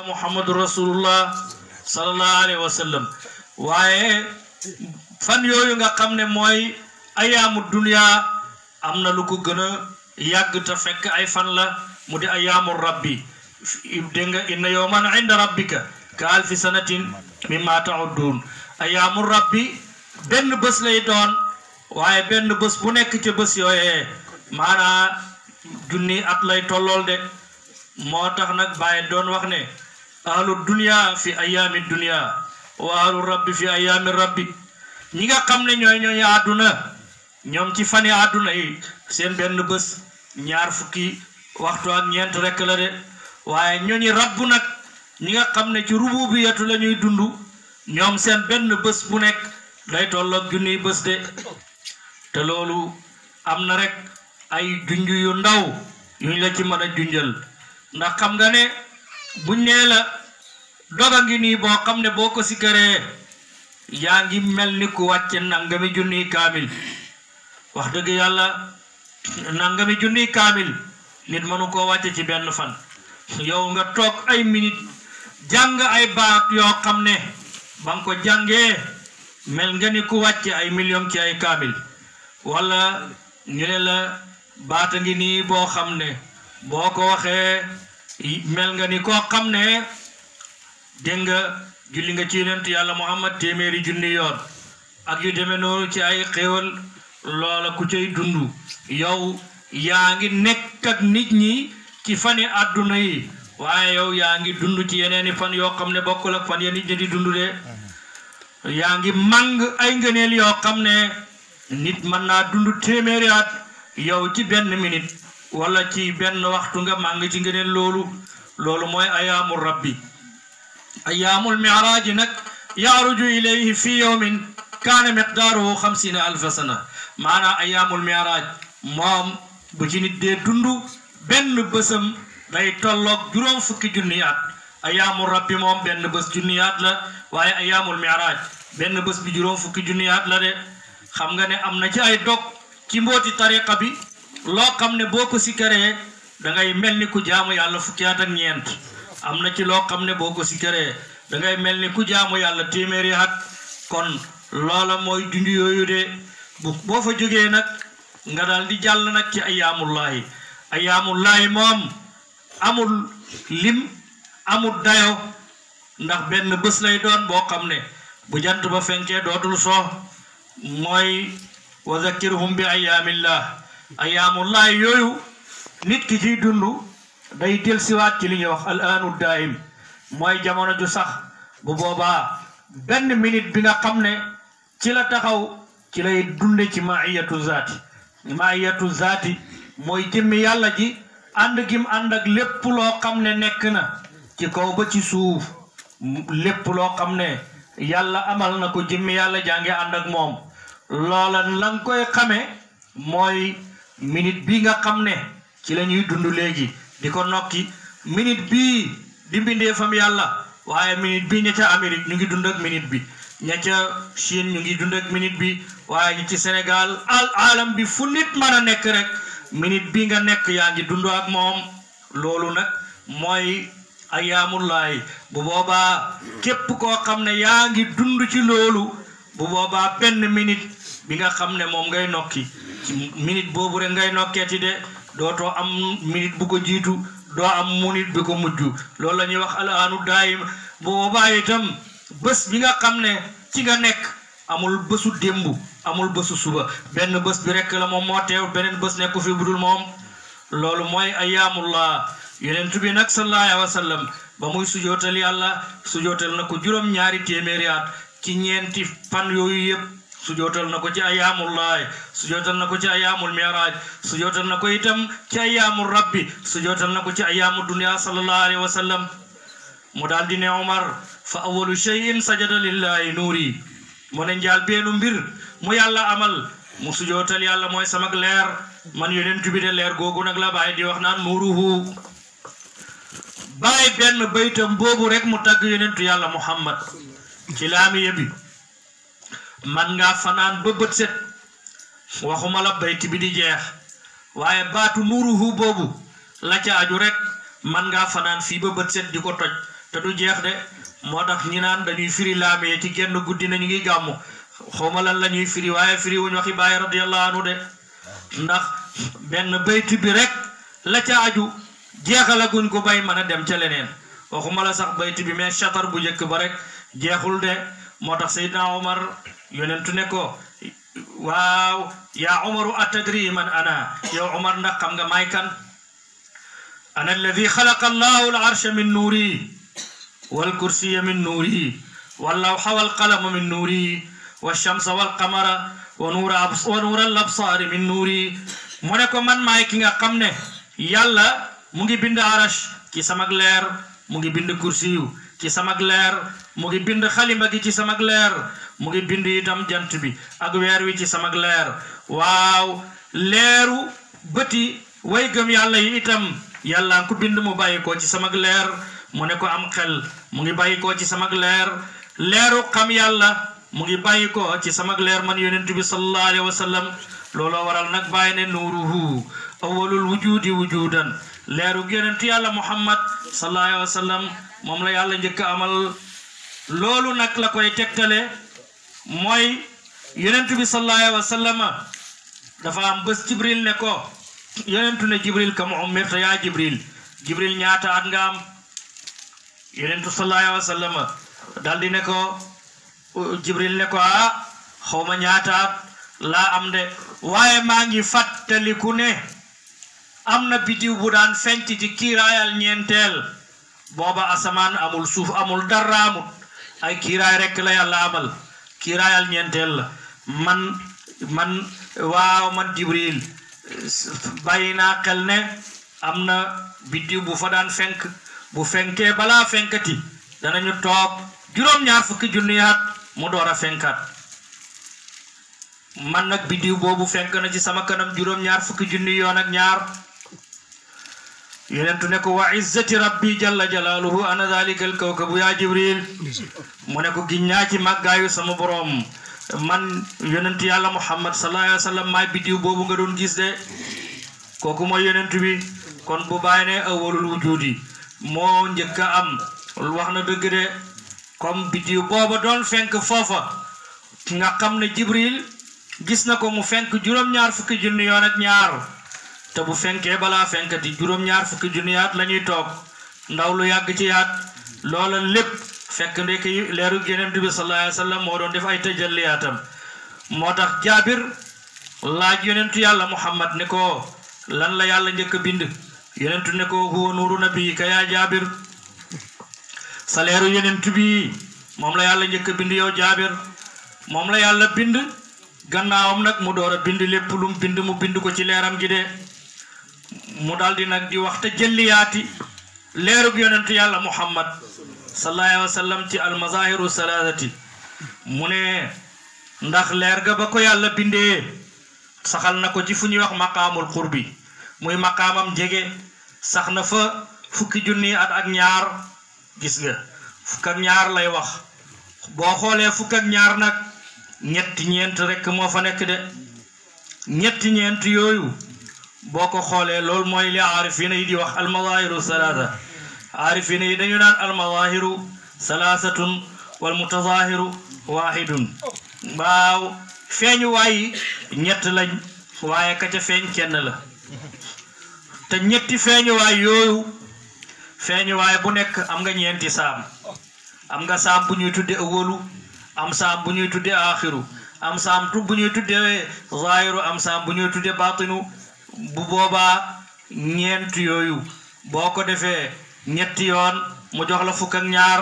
muhammadu rasulullah sallallahu alayhi wa waaye fan yooyu nga xam ne mooy ayaamu dunia am na lu ko gën a yàgg te fekk ay fan la mu di ayaamu rabbi dégg nga inna yowman inda rabbika ka alfi sanatin mimma taudduun ayaamu rabbi benn bés lay doon waaye benn bés bu nekk ca bës yooyee maanaa junni at lay tollool de moo tax nag Baye doon wax ne ahlu dunia fi ayaami dunia wa ahlu rabbi fi ayaami rabbi ñi nga xam ne ñooy ñooñu àdduna ñoom ci fani àdduna yi seen benn bës ñaar fukki waxtu ak ñeent rekk la de waaye ñooñu rabbu nag ñi nga xam ne ci rububiyatu la ñuy dund ñoom seen benn bés bu nekk day tolloog junniy bés de te loolu am na rekk ay junj yu ndaw yuñ la ci mën a junjal ndax xam nga ne buñ nee la doga ngi nii boo xam ne boo ko sikkaree yaa ngi mel ni ku wàcce nangami junni kaamil wax dëgg yàlla nangami junni kaamil nit mënu koo wàcce ci benn fan yow nga toog ay minit jàng ay baat yoo xam ne ba ko jàngee mel nga ni ku wàcce ay million ci ay kaamil walla ñu ne la baata ngi nii boo xam ne boo ko waxee mel nga ni koo xam ne dégg nga julli nga ci yonent yàlla muhammad téeméeri junni yoon ak yu deme noonu ci ay xéewal loola ku cay dund yow yaa ngi nekk ak nit ñi ci fan yi àdduna yi waaye yow yaa ngi dund ci yeneeni fan yoo xam ne bokkul ak fan ya nit ñi di dund de yaa ngi màng ay ngëneel yoo xam ne nit mën naa dund téeméeri at yow ci benn minute wala ci benn waxtu nga màng ci ngeneen loolu loolu mooy ayaamul rabbi ayaamul miraaji nag yaaruju ilayhi fi yawmin kaana miqdaaruhu xamsiina alfa sana maanaam ayaamul miraaj moom bu ci nit dee dund benn bësam day tolloog juróom fukki junni at ayaamul rabbi moom benn bës junni la waaye ayaamul miraaj benn bës bi juróom fukki junni la de xam nga ne am na ci ay dog ci mbooti tariqa bi loo xam ne boo ko sikkaree dangay mel ni ku jaamu yàlla fukki at ak ñeent am na ci loo xam ne boo ko sikkaree da ngay mel ni ku jaamu yàlla téeméeri at kon loola mooy junj yooyu de boo fa jógee nag nga daal di jàll nag ci ayaamullaahi ayaamullaahi moom amul lim amul dayo ndax benn bés lay doon boo xam ne bu jant ba fenkee dootul soo mooy wa zakkirhum bi ayaamillah ayaamullaay yooyu nit ki ciy dund day del siwaat ci li ñuy wax al aanu daayim mooy jamono ju sax bu boobaa benn minute bi nga xam ne ci la taxaw ci lay dunde ci maiyatu zaati maiyatu zaati mooy jëmmi yàlla ji ànd gim ànd ak lépp loo xam ne nekk na ci kaw ba ci suuf lépp loo xam ne yàlla amal na ko jëmmi yàlla jaa ngi ànd ak moom loola la koy xame mooy minute bii nga xam ne ci lañuy dund léegi di ko nokki minute bi di mbindee fam yàlla waaye minute bii ña ca Amérique ñu ngi dund ak minute bi ña ca Chine ñu ngi dund ak minute bi waaye ci Sénégal al alam bi fu nit mën a nekk rek minute bii nga nekk yaa ngi dund ak moom loolu nag mooy ayaamullaay bu boobaa képp koo xam ne yaa ngi dund ci loolu bu boobaa benn minute bi nga xam ne moom ngay nokki minute boobu rek ngay nokkee nokkeeti de dootoo am minute bu ko jiitu doo am minute bi ko mujj loolu la ñuy wax alaanu daayim boobaa tam bës bi nga xam ne ci nga nekk amul bësu démb amul bésu suba benn bés bi rek la moom moo teew beneen bés nekku fi dul moom loolu mooy ayaamullah yonent bi nag sallallahu alayhi wa ba muy sujootal yàlla sujootal na ko juróom ñaari téeméeri at ci ñeenti fan yooyu yëpp sujootal na ko ci ayaamul laay sujootal na ko ci ayaamul miraaj sujootal na ko itam ci ayaamul rabbi sujootal na ko ci ayaamul duniya sallallahu alayhi wa sallam mu daal fa awalu cheyin sajada lillahi nuuri mu ne njaal beenu mbir mo yàlla amal mu sujootal yàlla mooy samak leer man yonent bi de leer googu nag la bàyyi di wax naan nuuruhu bàyyi benn baytam boobu rek mu tagg yonentu yàlla muhammad ci laami yebi man ngaa fanaan ba bët set waxuma la bayt bi di jeex waaye baatu nuuruhu boobu la ca aju rek man ngaa fanaan fii ba bët set di ko toj te du jeex de moo tax ñi naan dañuy firi laamee ci genn guddi nañu ngi gàmmu xawma lan la ñuy firi waaye firi wuñ waxi bàyyi radiyallahu anhu de ndax benn bayti bi rek la ca aju jeexalaguñ ko bay mën a dem ca leneen waxuma la sax bayt bi mais chatar bu njëkk ba rek jeexul de moo tax Seydina Omar yonentu ne ko waaw yaa umaru atadri man ana yow umar ndax xam nga may kan ana alladi xalaqa allahu al arsha min nuuri wal kursiya min nuuri wallawxa walqalama min nuuri walshamsa walqamara wa nuura wa nuura al absaari min nuuri mu ne ko man maay ki nga xam ne yàlla mu ngi bind arash ci samag leer mu ngi bind kursiyu ci samag leer mu ngi bind xalima gi ci samag leer mu ngi bind itam jant bi ak weer wi ci samag leer waaw leeru bëti way gëm yàlla yi itam yàlla ngi ko bind mu bàyyi ko ci samag leer mu ne am xel mu ngi bàyyi ci samag leer leeru xam yàlla mu ngi bàyyi ko ci samag leer man yonent bi sallallahu alayhi wa sallam looloo waral nag bàyyi ne nuuruhu awalul wujudi wujudan leeru yonentu yàlla muhammad sallallahu alayhi wa moom la yàlla njëkk amal loolu nag la koy tegtale mooy yonentu bi sallallahu dafa am bés jibril ne ko yonentu ne jibril kam umirta yaa jibril jibril ñaata at nga am yonentu sallallahu alayhi daldi ne ko jibril ne ko ah xawma ñaata laa am de waaye maa ngi fàttaliku ne am na biddiw bu daan fenc ci kiiraayal ñeenteel booba asamaan amul suuf amul dara amul ay kiiraay rekk la yàlla amal kiiraayal ñeenteel la man man waaw man jibril bàyyi naa xel ne am na biddiw bu fa daan fenk bu fenkee balaa fenkati ñu toog juróom-ñaar fukki junniyaat mu door a fenkaat man nag biddiw boobu fenk na ci sama kanam juróom-ñaar fukki junni yoon ak ñaar yonentu ne ko wa izzati rabbi jalla jalaaluhu ana dalika al kawkabu yaa jibril mu ne ko ñaar ci màggaayu sama boroom man yonentu yàlla muhammad sallallahu alayhi wa sallam biddiw boobu nga doon gis de kooku mooy yonent bi kon bu bàyyi ne awalul wujudi moo njëkk a am wax na dëgg de comme biddiw booba doon fenk foofa nga xam ne jibril gis na ko mu fenk juróom-ñaar fukki junni yoon ak ñaar te bu fenkee balaa fenkati juróom-ñaar fukki junniyaat la ñuy toog ndaw lu yàgg ci yaat loola lépp fekk ndekk leeru Yonent bi sallallahu alayhi wa sallam moo tax jaabir laaj yonentu yàlla muhammad ne ko la yàlla njëkk bind yonentu moom la yàlla njëkk bind yow jaabir moom la yàlla bind gannaawam nag mu door a bind lépp lu mu bind mu bind ko ci leeram gi de mu daldi nag di wax te jëlliyaati leerug yonentu yàlla muhammad sallallahu alayhi ci almazahiru salaasati mu ne ndax leer ga ba ko yàlla bindee saxal na ko ci fu ñuy wax maqaamul qurbi muy maqaamam jege sax na fa fukki junni at ak ñaar gis nga fukk ak ñaar lay wax boo xoolee fukk ak ñaar nag ñetti ñeent rekk moo fa nekk de ñetti ñeent yooyu boo ko xoolee loolu mooy li aarifina yi di wax almazahiru salaasa aarifina yi dañu naan almazahiru salaasatun wal mutazahiru waahidun waaw feeñu waayi ñett lañ waaye ka feeñ kenn la te ñetti feeñuwaay yooyu feeñuwaay bu nekk am nga ñeenti saam am nga saam bu ñuy tudde wolu am saam bu ñuy tuddee aaxiru am saam bu ñuy tudde am saam bu ñuy tudde baatinu bu boobaa ñeent yooyu boo ko defee ñetti yoon mu jox la fukk ak ñaar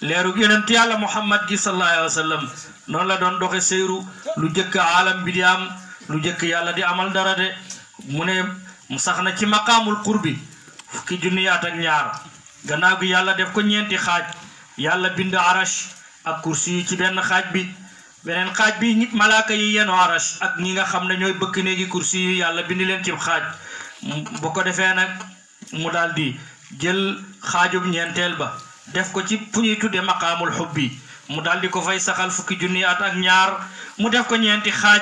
leeru yonent yàlla muhammad gi sallallahu alayhi wa la doon doxe seyru lu jëkk aalam bi di am lu jëkk yàlla di amal dara de mu ne mu sax na ci maqaamul qurbi fukki junniyaat ak ñaar gannaaw gi yàlla def ko ñeenti xaaj yàlla bind arash ak kursi ci benn xaaj bi beneen xaaj bi nit malaaka yi yenu arash ak ñi nga xam ne ñooy bëkk néegi kursi yi yàlla bindi leen ci xaaj bu ko defee nag mu daal di jël xaajub ñeenteel ba def ko ci fu ñuy tuddee maqaamul xubbi mu daal di ko fay saxal fukki junni ak ñaar mu def ko ñeenti xaaj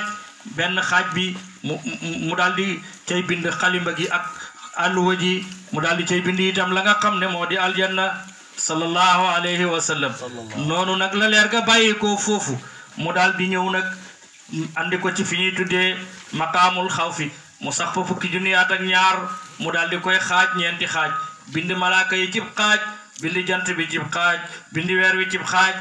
benn xaaj bi mu mu daal di cay bind xalimba gi ak àlluwa ji mu daal di cay bind itam la nga xam ne moo di aljanna sallallahu alayhi wa noonu nag la leer ga bàyyi ko foofu mu daal di ñëw nag andi ko ci fi ñuy tuddee xaw xawfi mu sax fa fukki junniyaat ak ñaar mu daal di koy xaaj ñeenti xaaj bind malaaka yi cib xaaj bindi jant bi cib xaaj bindi weer wi cib xaaj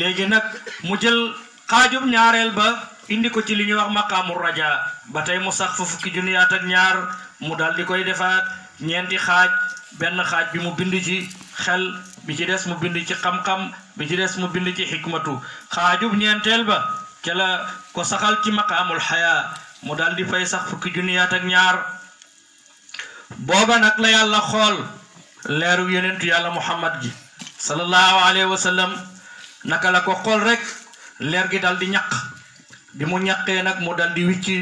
léegi nag mu jël xaajub ñaareel ba indi ko ci li ñuy wax maqaamul raja ba tey mu sax fa fukki junniyaat ak ñaar mu daal di koy defaat ñeenti xaaj benn xaaj bi mu bind ci xel bi ci des mu bind ci xam-xam bi ci dess mu bind ci hikmatu xaajub ñeenteel ba kala ko saxal ci maqamul haya mu daldi di fay sax fukki juniyat ak ñaar boba nak la yalla xol leeru yonentu yalla muhammad gi sallallahu Alaihi Wasallam ko xol rek leer gi dal ñak bi mu ñaké nak mu daldi wicci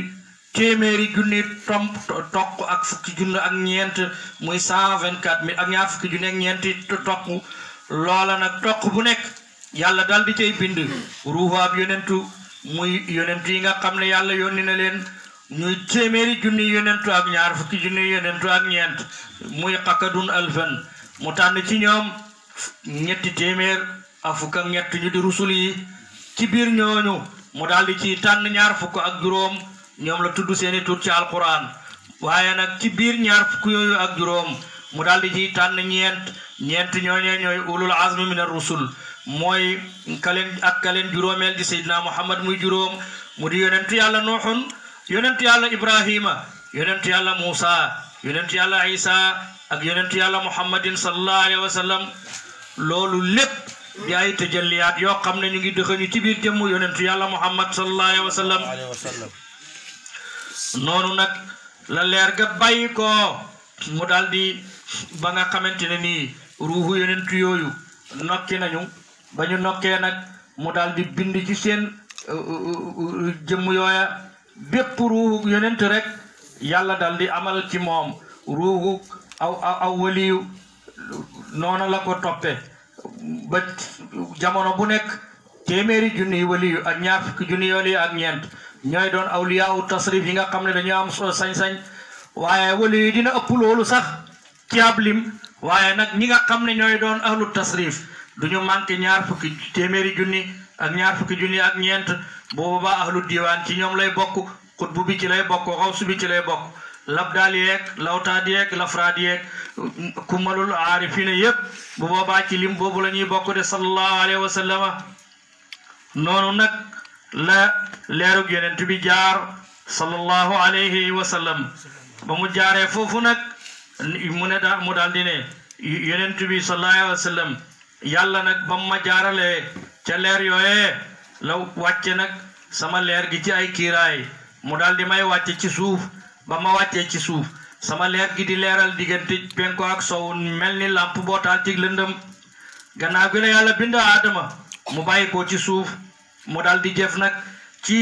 téméri junni tom tok ak fukki junni ak ñent muy 124 mi ak ñaar fukki ak ñent tok loola nag toq bu nekk yàlla dal di cay bind ruuxu ab yonentu muy yonentu yi nga xam ne yàlla yónni na leen ñuy téeméeri junni yonentu ak ñaar fukki junni yonentu ak ñeent muy xakadun alfan mu tànn ci ñoom ñetti téeméer ak fukk ñett ñu di rusul yi ci biir ñooñu mu daal di ci tànn ñaar fukk ak juróom ñoom la tudd seeni tur ci alquran waaye nag ci biir ñaar fukk yooyu ak juróom mu daal di ji tànn ñeent ñeent ñooñee ñooy ulul azmi min ar-rusul mooy kaleen ak kaleen juróomeel di seydina muhammad muy juróom mu di yonentu yàlla nuuxun yonentu yàlla ibrahima yonentu yàlla muusa yonentu yàlla isa ak yonentu yàlla muhammadin sallallahu alayhi wa sallam loolu lépp di ay tajalliyaat yoo xam ne ñu ngi dëxëñu ci biir jëmm yonentu yàlla muhammad sallallahu alayhi noonu nag la leer ga bàyyi ko mu daal di ba nga xamante ne nii ruuxu yonent yooyu nokki nañu ba ñu nokkee nag mu daal di bind ci seen euh, euh, euh, jëmm yooya bépp ruuxu yonent rekk yàlla daal di amal ci moom ruuxu aw aw waliyu noonu la ko toppe ba jamono bu nekk téeméeri junniy waliyu ak ñaar fukki junni waliyu ak ñeent ñooy doon awliyaawu tasrif yi nga xam ne dañoo am sañ-sañ waaye waliyu dina ëpp loolu sax ci lim waaye nag ñi nga xam ne ñooy doon ahlu tasrif du ñu manqué ñaar fukki téeméeri junni ak ñaar fukki junni ak ñeent boobaa ahlu diwaan ci ñoom lay bokk xutbu bi ci lay bokk xawsu bi ci lay bokk labdaal yeeg lawtaad yeeg lafraad yeeg kumalul aarifina yépp bu boobaa ci lim boobu lañuy ñuy bokk de sallallahu alayhi noonu nag la leerug yonent bi jaar sallallahu alayhi wa sallam ba mu jaaree foofu nag मुने दा मुडाल दीने union two B सल्लल्लाहु अलैहि वसल्लम याल्ला नक बम्मा जारले चलेर योए लव वाच्चे नक समलेर गिची आई कीराय मुडाल दिमाय वाच्चे चिसूफ बम्मा वाच्चे चिसूफ समलेर गिदी लेरल दिगंति पेंको आक सोन मेलनी लांपु बोट आल्टिक लंदम गनागुले याला बिंदा आदमा मोबाइल को चिसूफ मुडाल दी जेफ नक ची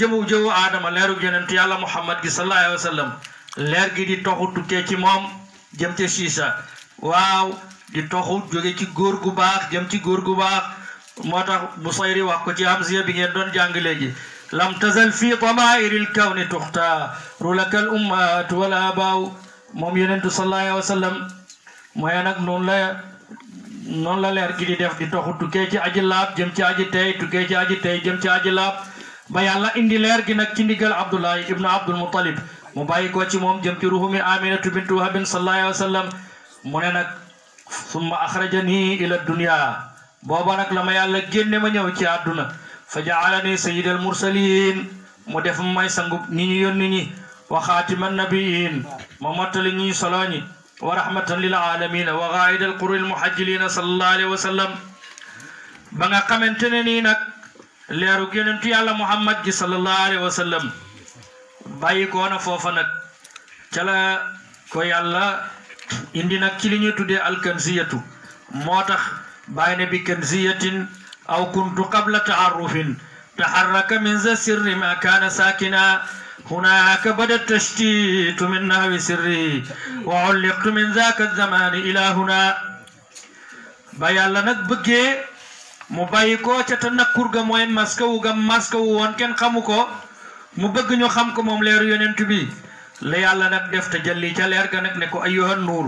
जमु जो आदमा लेरु जनम याला मोहम्मद की सल्लल्लाहु अलैहि वसल्लम leer gi di toxu tukkee ci moom jëm ci siisa waaw di toxu jóge ci góor gu baax jëm ci góor gu baax moo tax bu sayri wax ko ci hamziya bi ngeen doon jàng léegi lam tazal fi damairi lkawni tuxtaaru laka ummaat wal abaaw moom yonentu sallallahu alayhi wa sallam mooy nag noonu la leer gi di def di toxu tukkee ci aji laab jëm ci aji tey tukkee ci aji tey jëm ci aji laab ba yàlla indi leer gi nag ci ndigal abdullahi ibnu abdul mu bàyyi ko ci moom jëm ci ruhumi aminatu bintu wahabin sallallahu alayhi wa sallam mu ne nag summa ila dunya booba nag la ma yàlla génne ma ñëw ci àdduna fa jaalani sayyidal mursalin mu def may sangu ni ñu yónni ñi wa xaatiman nabiyin ma mottali ñuy solo ñi wa rahmatan lil alamin wa gaayidal quril muhajjilina sallallahu alayhi wa sallam ba nga xamante ne nii nag leeru génentu yàlla muhammad gi sallallahu alayhi wa sallam bàyyi ko na foofa ko yàlla indi nag ci li ñu tuddee alkanziyatu moo tax bàyyi bi kanziyatin aw kuntu qabla taarufin taharraka min za sirri ma kaana saakina هناك بدا التشتيت من نحو سري وعلقت من ذاك الزمان إلى هنا بايا الله نك بجي مبايكو تتنك كرغ موين ماسكو غم ماسكو وان كان خموكو mu bëgg ñu xam ko moom leer leeru yonent bi la yàlla nag def te jëlli ca leer ga nag ne ko ayyuhan nuur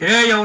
ee yow